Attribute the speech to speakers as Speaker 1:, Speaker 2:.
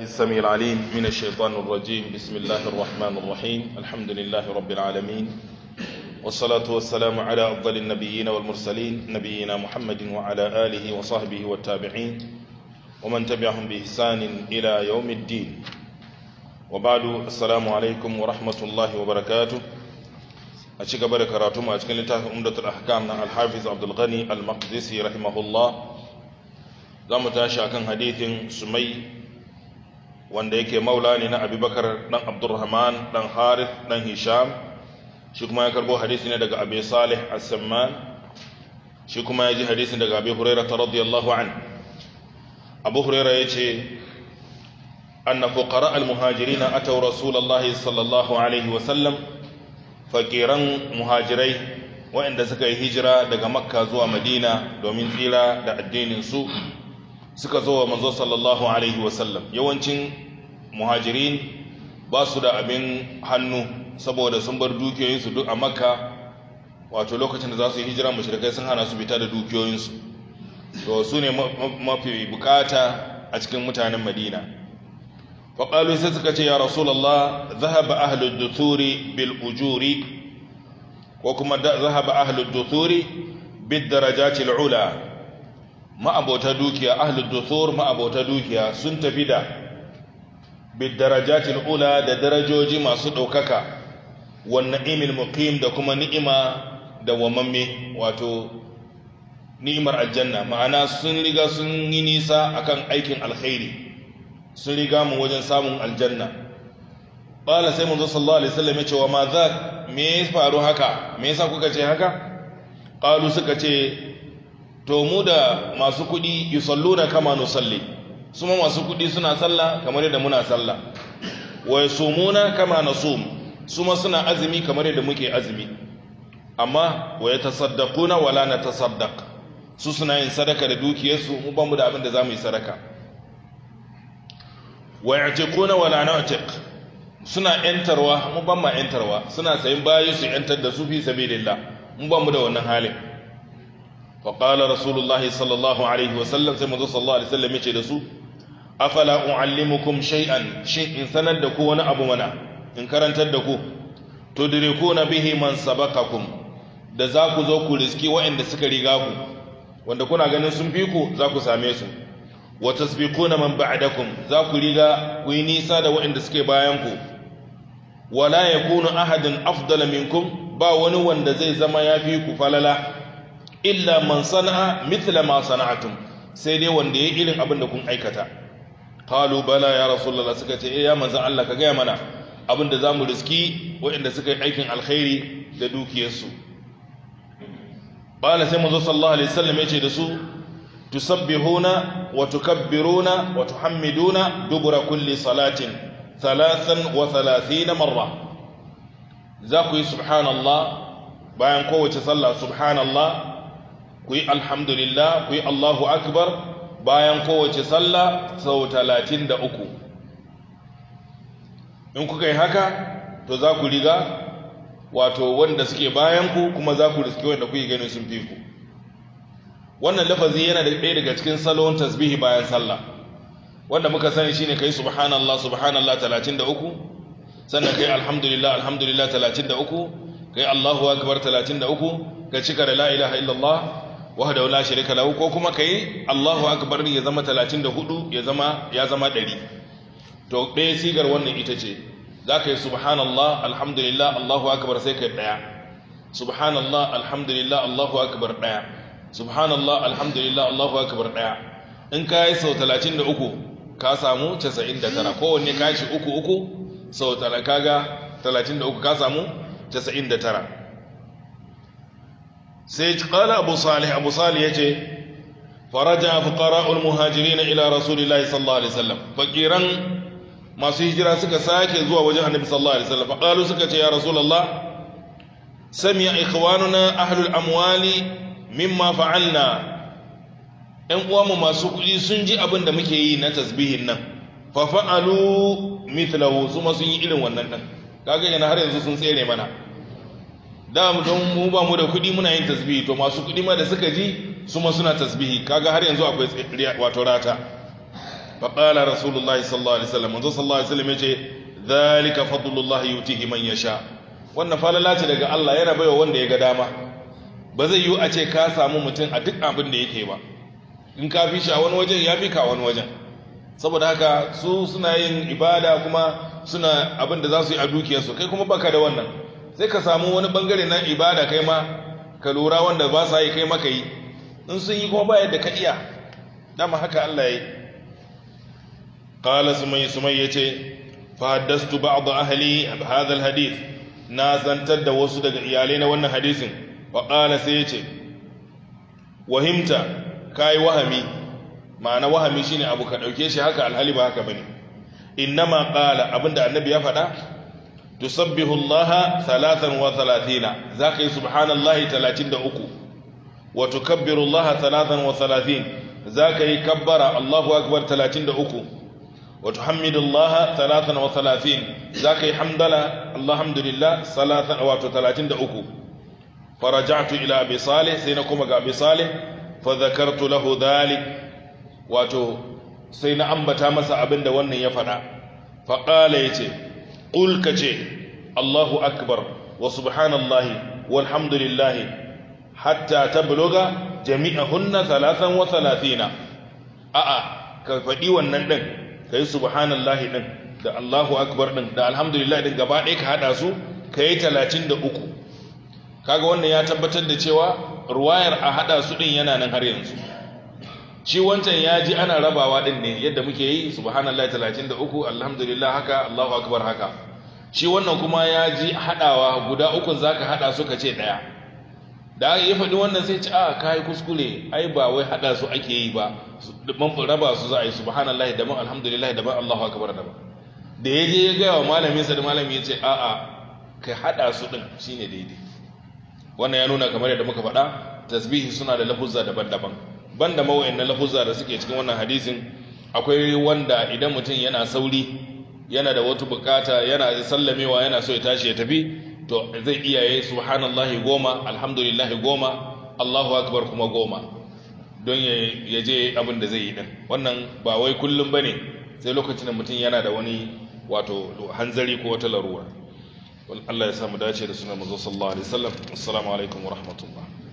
Speaker 1: السميع العليم من الشيطان الرجيم بسم الله الرحمن الرحيم الحمد لله رب العالمين والصلاة والسلام على أفضل النبيين والمرسلين نبينا محمد وعلى آله وصحبه والتابعين ومن تبعهم بإحسان إلى يوم الدين وبعد السلام عليكم ورحمة الله وبركاته أشيك بركاته ما أشكال لتاك أمدة الأحكام الحافظ عبد الغني المقدسي رحمه الله za mu tashi akan hadithin sumai wanda yake maula ne na abubakar ɗan abdurrahman dan harith ɗan hisham shi kuma ya karbo hadisi ne daga abi salih as shi kuma ya ji hadisin daga abi huraira ta radiyallahu an abu huraira ya ce anna fuqara al-muhajirina ataw rasulullahi sallallahu alaihi wasallam fakiran muhajirai waɗanda suka yi hijira daga makka zuwa madina domin tsira da addinin su suka zo wa manzo sallallahu alaihi wasallam yawancin muhajirin ba su da abin hannu saboda sun bar dukiyoyinsu duk a makka wato lokacin da za su yi hijira mashirkai sun hana su fita da dukiyoyinsu to su ne mafi bukata a cikin mutanen madina faƙalu sai suka ce ya rasulallah zahaba ahlul duturi bil ujuri ko kuma zahaba ahlul duturi bid darajati ula ma'abota dukiya ahlud duthur ma'abota dukiya sun tafi da darajatil ula da darajoji masu ɗaukaka wan na'imil muqim da kuma ni'ima da wamamme wato ni'imar aljanna ma'ana sun riga sun yi nisa akan aikin alkhairi sun riga mu wajen samun aljanna Bala sai manzo sallallahu alaihi wasallam ya ce wa ma za me ya faru haka me yasa kuka ce haka qalu suka ce to mu da masu kuɗi na kama nusalli su ma masu kuɗi suna sallah kamar yadda muna sallah wa yasumuna kama nasum su ma suna azumi kamar yadda muke azumi amma wa yatasaddaquna wala natasaddaq su suna yin sadaka da dukiyarsu mu ba mu da abin da za mu yi sadaka wa ya'tiquna wala na'tiq suna ‘yantarwa mu ban ma ‘yantarwa suna sayin bayi su ‘yantar da su fi sabilillah mu ba mu da wannan halin fa qala rasulullahi sallallahu alaihi wasallam sai manzo sallallahu alaihi wasallam da su afala uallimukum shay'an shin in sanar da ku wani abu mana in karantar da ku tudrikuna bihi man sabaqakum da za ku zo ku riski waɗanda suka riga ku wanda kuna ganin sun fi ku za ku same su wa tasbiquna man ba'dakum za ku riga ku yi nisa da waɗanda suke bayan ku wala yakunu ahadin afdala minkum ba wani wanda zai zama ya fi ku falala illa man sana'a mithla ma sana'atum sai dai wanda ya irin abin da kun aikata qalu bala ya rasulullah suka ce eh ya manzon Allah ka gaya mana abin da zamu riski waɗanda suka yi aikin alkhairi da dukiyarsu bala sai manzo sallallahu alaihi wasallam ya ce da su tusabbihuna wa tukabbiruna wa tuhammiduna dubura kulli salatin thalathan wa marra za ku yi subhanallah bayan kowace sallah subhanallah ku yi alhamdulillah ku yi Allahu akbar bayan kowace sallah sau talatin da uku in kuka yi haka to za ku riga wato wanda suke bayan ku kuma za ku riske wanda kuke ganin sun fi ku wannan lafazi yana da ɗaya daga cikin salon tasbihi bayan sallah wanda muka sani shine kai subhanallah subhanallah talatin da uku sannan kai alhamdulillah alhamdulillah talatin da uku kai Allahu akbar uku ka cika da la ilaha illallah wahdahu la sharika lahu ko kuma kai Allahu akbar ya zama 34 ya zama ya zama 100 to ɗaya sigar wannan ita ce zaka yi subhanallah alhamdulillah Allahu akbar sai kai ɗaya subhanallah alhamdulillah Allahu akbar ɗaya subhanallah alhamdulillah Allahu akbar ɗaya in ka yi sau 33 ka samu 99 kowanne ka shi uku uku sau talaka ga 33 ka samu 99 sai kala abu salih abu salih ya ce faraja fuqara'ul na ila rasulillahi sallallahu alaihi wasallam fakiran masu hijira suka sake zuwa wajen annabi sallallahu alaihi wasallam faqalu suka ce ya rasulullah sami'a ikhwanuna ahlul amwali mimma fa'alna ‘yan uwanmu masu kuɗi sun ji abin da muke yi na tasbihin nan fafa'alu mitlahu su sun yi irin wannan ɗin kaga yana har yanzu sun tsere mana da don mu ba mu da kuɗi muna yin tasbihi to masu kudi ma da suka ji su ma suna tasbihi kaga har yanzu akwai wato rata qala rasulullahi sallallahu alaihi wasallam manzo sallallahu alaihi wasallam yace zalika fadlullahi yutihi man yasha wannan falala daga Allah yana baiwa wanda ya ga dama ba zai yiwu a ce ka samu mutum a duk abin da yake ba in ka fi shi a wani wajen ya fi ka wani wajen saboda haka su suna yin ibada kuma suna abin da za su yi a dukiyarsu kai kuma baka da wannan sai ka samu wani bangare na ibada kai ma ka lura wanda ba sa yi kai maka yi in sun yi kuma ba yadda ka iya dama haka Allah ya yi qala sumay sumay yace fa haddastu ba'd ahli hadha hadith na zantar da wasu daga iyalai na wannan hadisin wa qala sai yace wahimta kai wahami ma'ana wahami shine abu ka dauke shi haka alhali ba haka bane innama qala abinda annabi ya faɗa tusabbihu allaha thalathan wa thalathina zaka yi subhanallahi 33 wa tukabbiru allaha thalathan wa thalathin zaka yi kabbara allahu akbar 33 wa tuhammidu allaha thalathan wa thalathin zaka yi hamdala alhamdulillah salatan wa 33 faraja'tu ila abi salih sai na kuma ga abi salih lahu dhalik wato sai na ambata masa abinda wannan ya faɗa faqala yace ƙul ka ce allahu akbar wa subhanallahi walhamdulillahi hatta ta buloga jami'ahunna talatan wa talatina a'a ka faɗi wannan ɗin ka yi subhanallahi ɗin da allahu akbar ɗin da alhamdulillahi ɗin gaba ɗaya ka haɗa su ka yi talatin da uku kaga wannan ya tabbatar da cewa ruwayar a haɗa su ɗin yana nan har yanzu shi wancan ya ji ana rabawa din ne yadda muke yi subhanallah 33 alhamdulillah haka Allahu akbar haka shi wannan kuma ya ji hadawa guda ukun zaka hada suka ce daya da aka yi faɗi wannan sai ci a ah, kai kuskure ai ba wai hada su ake yi ba man raba su za a yi subhanallah daban alhamdulillah daban Allahu akbar daban da ya je ya gaya wa malamin sa da malami ya ce a a kai hada su din shine daidai wannan ya nuna kamar yadda muka faɗa tasbihi suna da lafuzza daban-daban banda mawa'in na lafuza da suke cikin wannan hadisin akwai wanda idan mutum yana sauri yana da wata bukata yana sallamewa yana so ya tashi ya tafi to zai iya yi subhanallahi goma alhamdulillahi goma allahu akbar kuma goma don ya je abin da zai yi din wannan ba wai kullum ba ne sai lokacin da mutum yana da wani wato hanzari ko wata larura Allah ya samu dace da sunan sallallahu alaihi wa rahmatullah